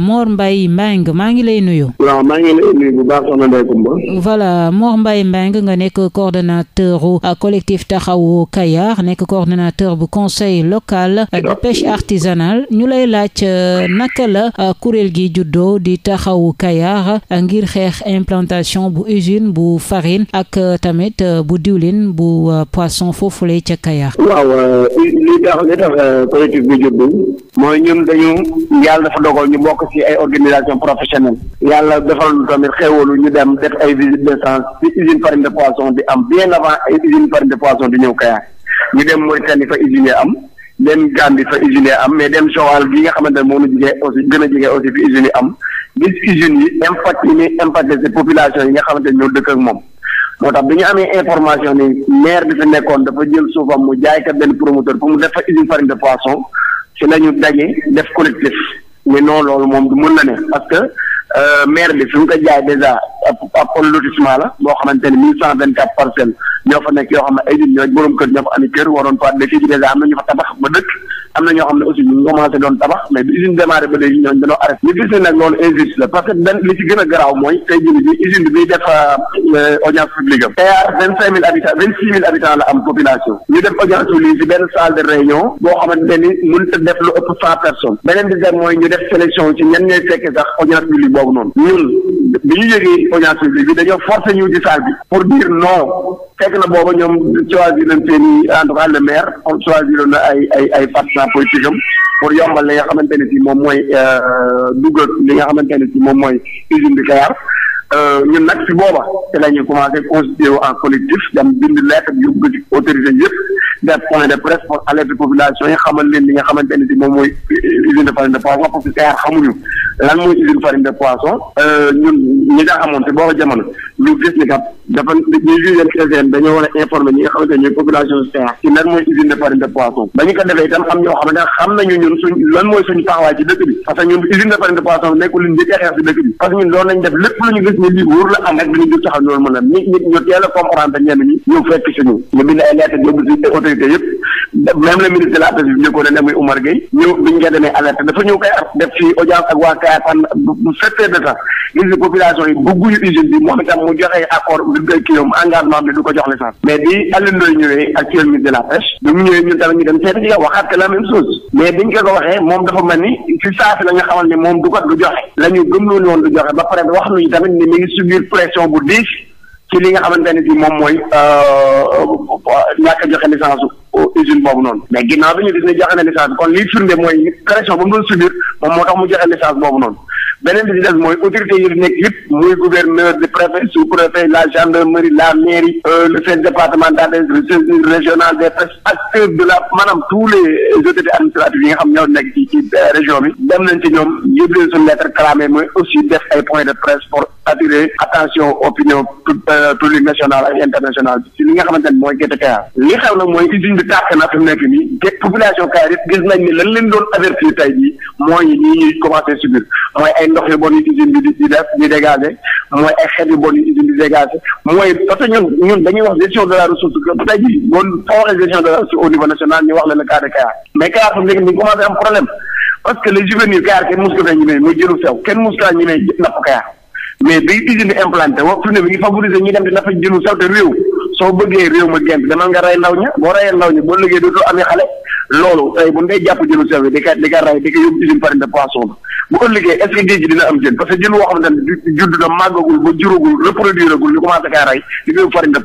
Mor Mbaye Mbengue maa ngi lay nuyu. waaw maa ngi lay nuyu bu baax soxna Ndeye Comba. voilà Mor mbay Mbengue nga nekk coordonnateur euh, collectif taxawu Kayar nekk coordonnateur bu conseil local euh, de pêche artisanale ñu lay laaj euh, naka la kuréel gi juddoo di taxawu Kayar ngir xeex implantation bu usine bu farine ak tamit bu diwlin bu poisson foofule ca Kayar. waaw li tax li tax collectif bi juddoo mooy ñun dañu yàlla dafa dogal ñu bokk. bokk ci ay organisation professionnelle yàlla defal nu tamit xéwalu ñu dem def ay visite de sens ci usine farine de poisson di am bien avant ay usine farine de poisson di ñëw Kayar ñu dem Mauritanie fa usine am dem Gambie fa usine am mais dem Joal gi nga xamante ne moo ñu jigee aussi gën a jigee aussi fi usine am gis usines yi impact yi muy impacté ci population yi nga xamante ne ñoo dëkk ak moom moo tax bi ñu amee information ni maire bi fi nekkoon dafa jël suufam mu jaay ka benn promoteur mu def fa usine farine de ñu daje def collectif mais non loolu moom du mën na ne parce que euh, maire bi fi mu ko jaay dèjà ab ab la boo xamante ne mille cent vingt quatre parcelles ñoo fa nekk yoo xam ne ay nit ñoo borom kër ñoo fa ami kër waroon fa dëkk ci am na ñu fa tabax ba dëkk. am na ñoo xam ne aussi ñu ngi commencé doon tabax mais bi usine démarré ba léegi ñooñu dañoo arrêté ñu gis ne nag loolu injuste la parce que benn li ci gën a garaaw mooy tey jii bi usine bi def euh, audience publique am Kayar vingt cinq mille habitants vingt six mille habitants la am population ñu def audience publique benn salle de réunion boobu noonu bi ñu yëgee audience publique bi dañoo forcé ñu di salle bi pour dire non fekk na booba ñoom choisir nañ seen i agenda politique am pour yombal li nga xamante ne si moom mooy dugal euh, li nga xamante ne si moom mooy usine bi Kayar euh, ñun nag si booba te la ñuy commencé constitué wu en collectif dem bind lettre yóbbu ci autorité yëpp def de presse pour alerter population yi xamal leen li nga xamante ne si moom mooy usine de farine de poisson parce que Kayar xamuñu lan mooy usine farine de poisson euh, ñun ñi nga xamoon si booba jamono. ñu gis ni kat dafa ñu jugeen CSN dañoo war a informer ci lan mooy usine de farine de poisson ba ñu ko defee itam am ñoo ñun suñ lan mooy suñu taxawaay ci dëkk bi parce que ñu njëkk a def lépp lu gis ni lii wóor la am rek dañu jóg taxaw loolu mën a ñu teel a comprendre ñenn ñi ñu fekk suñu ñu bind ay lettre yóbbu yëpp même ministre de la dafa ñëw koy ar def fii audience ak waa Kayar fan bu fekkee de sax gis population yi bëgguñu usine bi moom itam mu joxee accord kii am engagement am ne du ko jox licence mais bi Alioune Ndoye ñëwee actuel ministre de la pêche bi mu ñëwee ñun tamit ñu dem seeti ji waxaat que la même chose mais biñ ko ko waxee moom dafa mel ni ci saa la nga xamal ne moom du ko du joxe la ñu gëmloon woon du joxe ba pare wax nañu tamit ni mi ngi subir pression bu diis ci li nga xamante ne bi moom mooy euh, ña a joxe licence usine boobu noonu mais ginnaaw bi ñu gis joxe na licence kon liy firnde mooy pression ba mu doon subir moom moo tax mu joxe licence boobu noonu beneen bi ci des muy gouverneur de préfet sous préfet la gendarmerie la mairie euh, le service départemental des régional des presse acteurs de la maanaam tous les autorités administratives yi nga xam ñoo nekk ci ci euh, région bi dem nañ ci ñoom yóbbu leen suñu lettre clamé aussi def ay point de presse pour attirer attention opinion euh, publique nationale ak internationale bi li nga xamante ne mooy Guet Kayar li xew nag mooy usine bi tàkk na fi mu nekk nii te population Kayar yëpp ni mooy ñi ñuy commencé subir mooy ay ndox yu bon usine dégagé mooy ay xeet yu bon yu usine di dégagé mooy parce que ñun ñun wax gestion de la ressource que tey jii boo soo waxee gestion de la ressource au niveau national ñu wax la le cas de Kayar mais Kayar fu mu nekk nii commencé am problème kenn mus ko fee ñu ne muy jëlu sew kenn mus kaa ñu ne napp Kayar mais bi usine di implanté wax fi ne bi ngi di napp jëlu sew te réew soo bëggee réew ma gént demal nga rey ndaw ña boo reyee ndaw ña boo liggéey dootoo amee xale loolu tey bu ñu koy jàpp jëlu service di ka di ka rey di ko yóbbu usine farine de bu ko est ce que géej gi dina am jën parce que jën woo xamante judd na màggagul ba juragul reproduire ñu commencé kaa rey di ko yóbbu farine de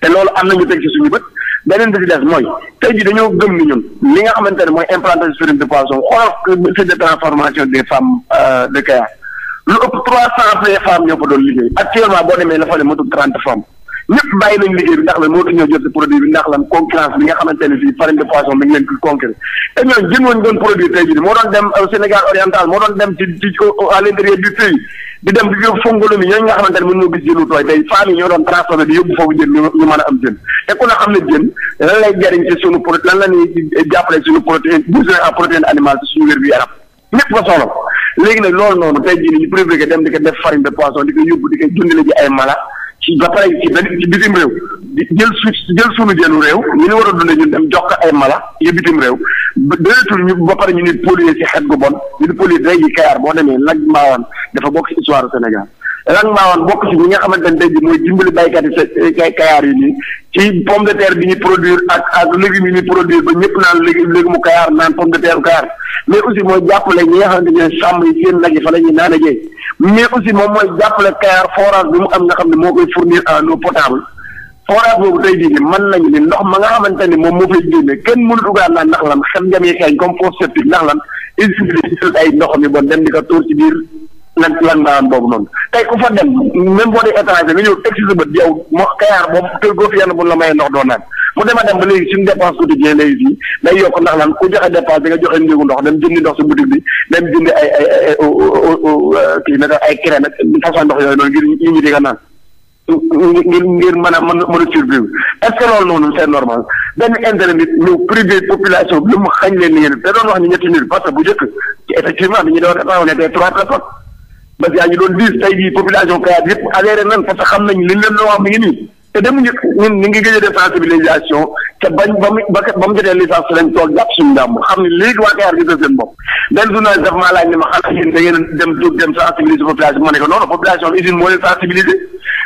te loolu am na ñu teg ci suñu bët beneen bi ci des mooy tey ji dañoo gëm ni ñun li nga xamante ne mooy implantation farine de poisson xoolal c'est de transformation des femmes euh, de Kayar lu ëpp trois cent femmes ñoo fa boo demee la fa ne matul ñëpp bàyyi nañ liggéey bi ndax lan moo tax ñoo jot produit bi ndax concurrence bi nga xamante fii farine de poisson mi ngi leen ko concurré te ñoom di dem yóbbu di yóbbu foofu a am jën te ku na xam ne jën lan lay jariñ la ñuy jàppale suñu protéine besoin en protéine animale ci suñu wér ay mala ci ba pare ci bitim réew jël suuf jël suñu jëlu réew ñu ne war a dundee ñun dem jox ko ay mala ya bitim réew ba dëretul ñu ba pare ñu ne polluer ci xet gu bon ñu ne polluer day yi kayaar boo demee nag maawaan dafa bokk ci histoire Sénégal rang maawan bokk ci ñi nga xamante ne tey jii mooy dimbali baykat yi kayaar yi nii ci pomme de terre bi ñuy produire ak ak légumes yi ñuy produire ba ñëpp naan légume légumu kayaar naan pomme de terre kayaar mais aussi mooy jàppale ñi nga xamante ne sàmm yi seen nag yi fa la ñuy naan mais aussi moom mooy jàppale kayaar forage bi mu am nga xam ne moo koy fournir en eau potable forage boobu tey jii ni mën nañu ni ndox ma nga xamante ni moom moo fay génne kenn mënut ugaan naan ndax lan xam jamee kañ comme fosse septique ndax lan usine ay ndoxam yi dem di ko tuur ci biir lan lan daan boobu noonu tey ku fa dem même boo dee étranger nga ñëw teg si sa bët yow moo kayaar boobu kër goo fi yenn bu la mayee ndox doo naan mu dem a dem ba léegi suñu dépense quotidien léegi fii day yokk ndax lan ku joxe dépense bi nga joxe njëgu ndox dem jëndi ndox si boutique bi dem jëndi ay ay ay kii nag ay crème façon ndox yooy noonu ngir ñu ñi di nga naan ngir ngir mën a mën mën a survivre est-ce que loolu normal benn intérêt nit ñëw privé population lu mu xañ leen ni ngeen da doon bu njëkk effectivement dañu doon bas yaa ñu doon diis tey jii population Kayar yëpp adhéré nañ parce xam nañ liñ leen doon wax mi ngi nii te dem a def sensibilisation te bañ ba mu ba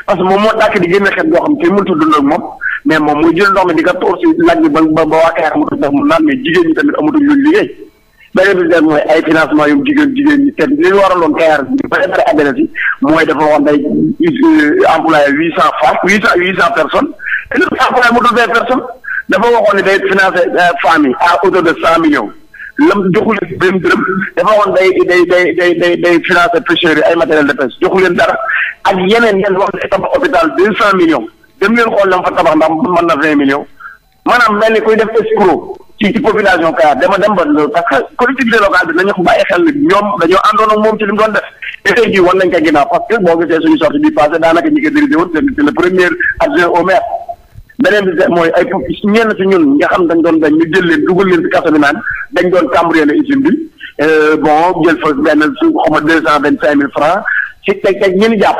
ba moom moo tàkk di a dund moom mais moom si laaj bi ba ba waa Kayar mu naan mais jigéen ñi tamit amatul luñ liggéey beneen bi mooy ay financement yu jigéen jigéen ñi te li ñu waraloon Kayar bi ba pare àggale si mooy dafa woon day euh, employé huit cent femmes huit cent huit cent personnes te li mu employé mu dul vingt personnes dafa waxoon ne day financé euh, femmes yi à hauteur de cent millions. lam joxu leen benn dërëm dafa waxoon day day day day day day financé pêcheurs yi ay matériel de pêche joxu leen dara ak yeneen yeneen wax ne tabax hôpital deux cent millions dem leen xool lam fa tabax ndax mën na vingt millions maanaam mel ni kuy def escroc ci ci population Kayar dama dem ba parce que collectivité locale bi nañu bàyyi xel ni ñoom dañoo àndoon ak moom ci li doon def te tey jii wan nañ ko ginnaaw parce que boo gisee suñu sortie bi passé daanaka ñi ko dirigé woon c'est leen dugal leen kaso bi naan dañ doon cambrioler usine bi euh, bon jël fa benn su xaw ma deux cent vingt cinq mille francs ci teg teg ñenn jàpp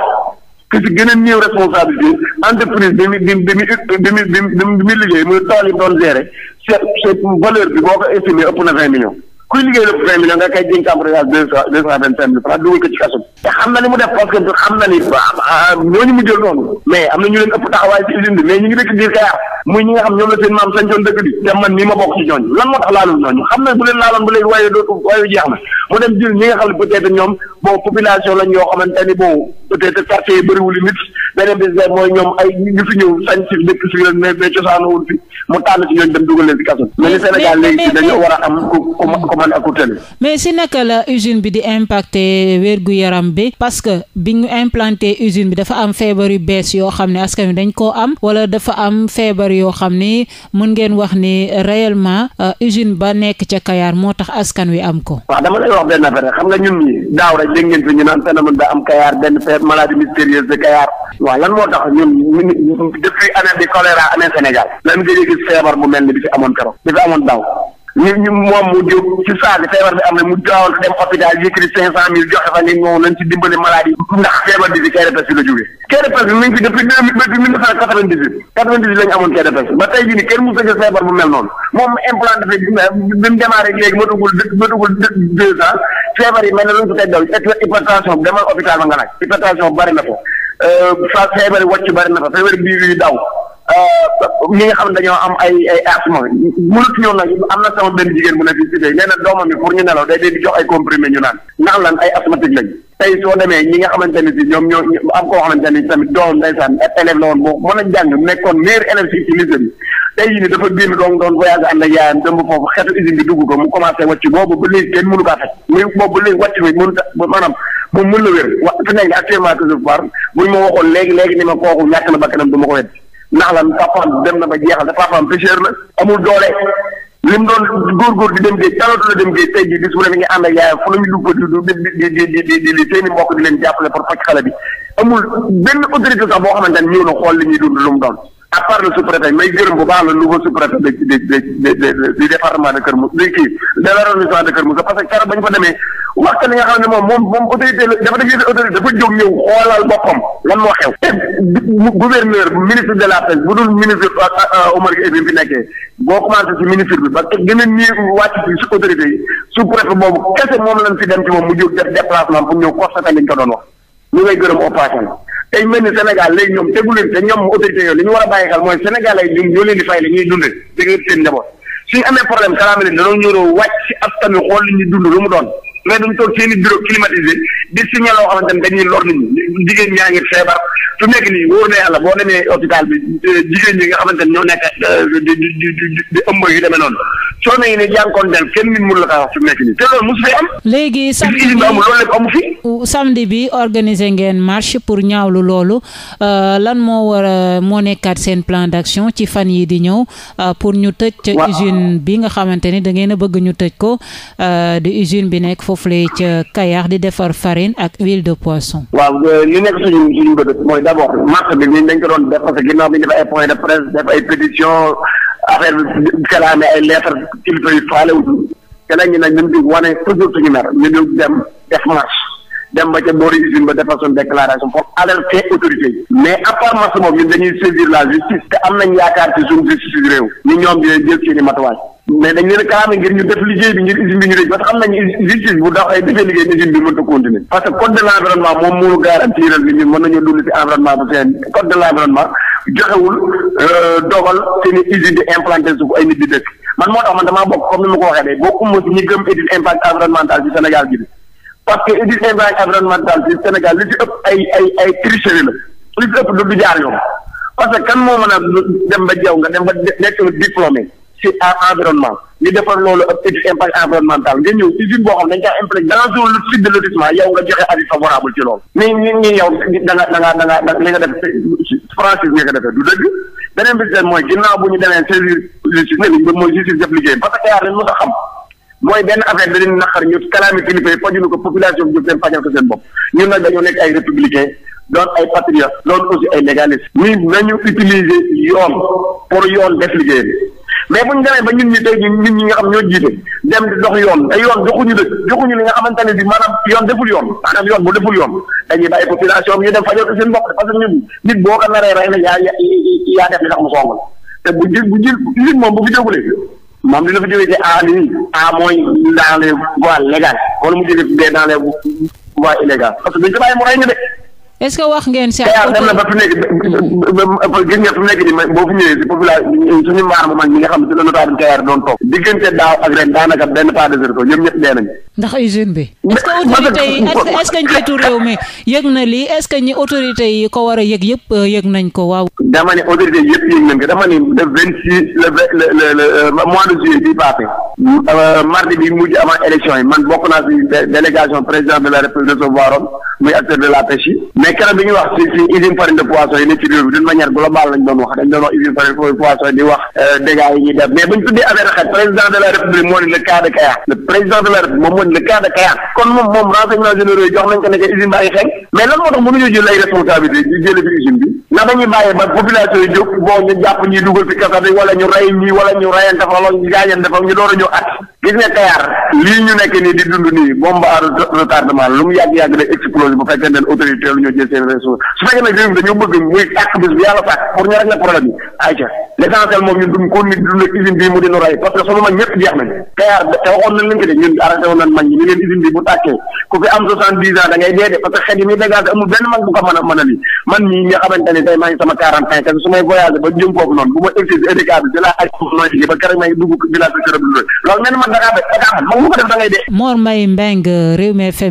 ki si gën a néew responsabilité entreprise bi mu bi mu bi mu bi mu liggéey muy tool yi doon gérer seet seet valeur bi boo ko estimé ëpp na vingt kuy liggéey lépp vingt millions nga koy jënd cambriolage deux cent deux cent vingt cinq mille dugal ko ci kaso xam na ni mu def parce que xam na ni ah, ah, ñooñu mu jël noonu mais am na ñu leen ëpp taxawaay ci usine bi mais ñu ngi dëkk biir Kayar muy ñi nga xam ñoom la seen maam sañcoon dëkk bi te man nii ma bokk ci ñooñu lan moo tax laalul ñooñu xam na bu leen laaloon ba léegi waaye dootu waaye jeex na mu dem jël ñi bon population lañ yoo xamante ni bon peut-être quartier yi nit beneen bi des mooy ñoom ay ñu fi ñëw sañ si dëkk si leen mais fi mu tànn si si kaso. war a am ku ku mën ak ku mais si naka la usine bi di impacté wérgu yaram bi parce que bi ñu implanté usine bi dafa am feebar yu bees yoo xam ne askan wi dañ koo am wala dafa am feebar yoo xam ni mën ngeen wax ni réellement euh, usine ba nekk ca Kayar moo tax askan wi am ko. waaw dama lay wax benn affaire dégg ngeen fi ñu naan phénomène da am Kayar benn maladie mystérieuse de Kayar waa lan moo tax ñun depuis année bi choléra année Sénégal lan nga gis feebar bu mel ni bi fi amoon keroog bi fi amoon daaw ñu ñu moom mu jóg ci saa feebar bi am na mu gaawal dem hôpital yëkkati cinq cent mille joxe fa ni moom lañ ci dimbali malade ndax feebar bi si KDPES bi la bi mu ngi fi depuis deux mille depuis mille neuf cent quatre mel noonu moom implanté fi bi mu démarré léegi matugul matugul deux ans feebar yi mel na lu ñu ko teggal hypertension bi demal hôpital ba nga laaj hypertension bari na euh, fa feebar wàcc bari na fa feebar biir yu daw Euh, ñi nga xam ne dañoo am ay ay asthme mënut ñëw nag am na sama benn jigéen bu ne fii si tey nee doomam yi pour ñu nelaw day dee di jox ay comprimé ñu naan ndax lan ay asthmatique lañ tey soo demee ñi nga xamante ne si ñoom ñoom am koo xamante ne tamit doom ndeysaan élève la woon boo a jàng nekkoon meilleur élève si ci lycée bi tey jii nii dafa génn doom doon voyage ànd ak yaayam dem ba foofu xeetu usine bi dugg ko mu commencé wàcc boobu ba léegi kenn mënu kaa faj muy boobu ba léegi a maanaam mu mën la wér wa nekk léegi léegi ni ma kooku ñàkk na ma ko wet ndax lan papaam dem na ba jeexal te papaam pêcheur na amul doole li mu doon góorgóor di dem géej talatu la dem géej tey jii bis bu ne mi ngi ànd ak yaayam fu la ñu dugg di di di di di di seen i mbokk di leen jàppale pour faj xale bi amul benn autorité sax boo xamante ne ñëw na xool li ñuy dund lu mu doon à part le sous-préfet may gërëm bu baax la nouveau sous-préfet de de de du département de Kër Moussa de kii de l'arrondissement de Kër Moussa parce que keroog ba ñu fa demee waxtaan li nga xam ne moom moom moom autorité la dafa def autorité dafa jóg ñëw xoolal boppam lan moo xew. te gouverneur ministre de la pêche bu dul ministre euh, euh, Omar Gueye bi fi nekkee boo commencé ci ministre bi ba gën a nii wàcc ci autorité yi sous-préfet boobu kese moom lañ fi dem ci moom mu jóg def déplacement pour ñëw constater liñ ko doon wax. ñu lay gërëm au passage tey mel ni Sénégal léegi ñoom tegu leen te ñoom autorité yooyu li war a bàyyi xel mooy Sénégal ay ñoom ñoo leen di fay la ñuy dundee dégg seen njaboot suñu amee problème kalaame leen dañoo ñëw wàcc si ab tamit xool li ñuy dund lu mu doon mais duñ toog seen i bureau climatisé di signé loo xamante dañuy lor ñi jigéen ñaa ngi feebar su nekk nii wóor na yàlla boo demee hôpital bi euh, jigéen ñi nga xamante ñoo nekk euh, di ëmb yu demee noonu coono yi ne jànkoonteel kenn nit la kaa wax su nekk nii te loolu mosu fay am. léegi samedi bi amul bi organiser ngeen marche pour ñaawlu loolu euh, lan moo war moo nekkaat seen plan d'action ci fan yi di ñëw pour ñu tëj. usine bi nga xamante ni da ngeen a bëgg ñu tëj ko di usine bi nekk foofu la ca Kayar di defar farine ak huile de poisson. li nekk suñu suñu bëgg mooy d'abord marche bi ñun dañ ko doon def parce que ginnaaw bi ñu def ay point de presse def ay pétition affaire bi kalaame ay lettre kilifa yu te nag ñu nag ñun di wane toujours suñu mer ñu ñu dem def marche dem ba ca boori usine ba defal suñu déclaration pour alerter autorité yi mais à part marche moom ñun dañuy saisir la justice te am nañ yaakaar ci suñu justice réew ñu ñoom dinañ ni seeni matuwaay mais dañ leen kalaame ngir ñu def liggéey bi ngir usine bi ñu def parce que code de l' environnement moom moo garantiral ni ñun mën nañoo dund ci environnement l' environnement joxewul euh, dogal seen i usine di man ma ko waxee de bokkuma ci ñi gëm étude impact environnemental ci Sénégal gi bi parce que étude impact environnemental ci Sénégal li ci ëpp ay ay ay la li ci ëpp du du jaar yoon parce que kan moo mën a dem ba jaww nga dem ba nekk diplômé ci environnement ñu defar loolu ak étude impact environnemental nga ñëw usine boo xam dañ caa impliqué dans zone sud de lotissement yow nga joxe avis favorable ci loolu ni ñi ñi yow da nga da nga da nga li nga def franchise nga ko defee du dëgg beneen bi seen mooy ginnaaw bu ñu demee saisir justice ne liñ ba mooy justice def liggéey parce que yaar leen mën a xam mooy benn affaire dañuy naqar ñu kalaami kilifa yi fajunu ko population bi jóg seen fajal ko seen bopp ñun nag dañoo nekk ay républicain doon ay patriote doon aussi ay légaliste ñi nañu utiliser yoon pour yoon def liggéeyam mais bu ñu demee ba ñun ñi tey jii ñu dem di dox yoon yoon joxuñu dëkk joxuñu li nga xamante ne bi maanaam yoon deful yoon maanaam bu deful yoon dañuy bàyyi population bi ñu dem fajal ko seen bopp parce que ñun nit boo ko naree rey na yaa yaa def li tax mu song la te bu jël bu jël nit moom bu fi jógulee moom dina fi jógee ci A nii A mooy dans les voies légales wala mu jógee dans les voies illégales parce que duñ ko bàyyi mu rey ñu de. est-ce que wax ngeen si. waaw dem na ba fi nekk gis nga boo fi ñëwee si population suñu mbaar bu mag mi nga xam ne si la notable Kayar doon toog diggante daaw ak ren daanaka benn pas de réseau ñoom ñëpp dee nañu. ndax usine bi. est-ce que autorité yi est-ce que njiitu réew mi yëg na lii est-ce que ñi autorité yi ko war a yëg yëpp euh, yëg nañ ko waaw. dama ne autorité yëpp yëg nañ ko le vingt six le le le mois de juillet bii passé. Euh, mardi bi mujj avant élection yi man bokk naa si délégation président de la république recevoir muy acteur la pêche yi mais keroog bi ñuy wax ci ci usine de poisson yi ne ci réew bi d'une manière globale lañ doon wax dañ doon wax usine farine de poisson di wax euh, dégâts yi ñuy def mais buñ tuddee affaire xet président de la république moo ni le cas de Kayar le président moom moom moom renseignement généraux yi jox nañ ngi xeeñ mais lan moo tax mënuñu jël ay responsabilité ñu jële fi usine bi na dañuy bàyyee ba population yi jóg bon ñu jàpp ñuy dugal fi gis nga Kayar lii ñu nekk nii di dund nii bombe retardement lu mu yàgg yàgg day explose bu fekkee ne autorité lu ñoo jël seen ressource su fekkee nag réew mi bëgg muy tàkk bis bi yàlla la problème yi mu da may voyagé ba jëm foofu noonu bu ma exige éducable di laa ay nooy ba keroog may da ngaa da ngaa xam moom mu ko def da ngay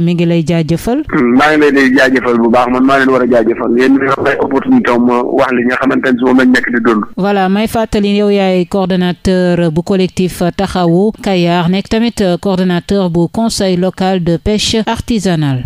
mi ngi lay jaajëfal. Hmm, maa ngi lay jaajëfal bu baax man maa leen war a jaajëfal yéen ñi nga xam opportunité am wax li nga xamante si moom nekk di dund. voilà may fàttali yow yaay coordonnateur bu collectif taxawu Kayar nekk tamit coordonnateur bu conseil local de pêche artisanale.